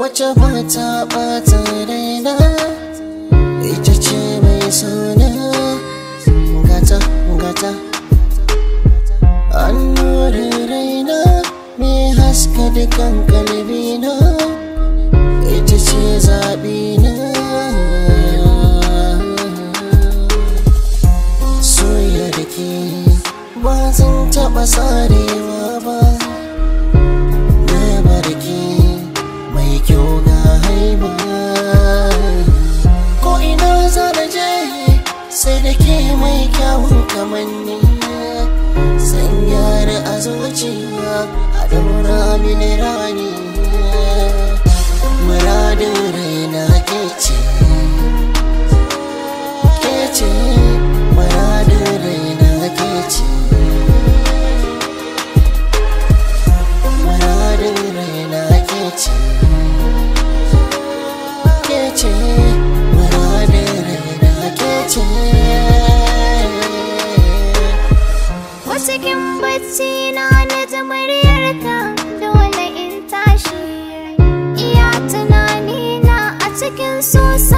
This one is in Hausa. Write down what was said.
wacce ba ta ɓata raina ita ce mai suna gata gata an nuri raina mai haska dukan kalbina ita ce zaɓina soya da ke ba zan taɓa tsarewa da ke mai kyawun kamanni san yare a zuciya a daura mini rani muradin raina ke ce ke ce muradin raina ke ce cikin bacci na na ji ka, dole in tashi iya tunani na a cikin sosa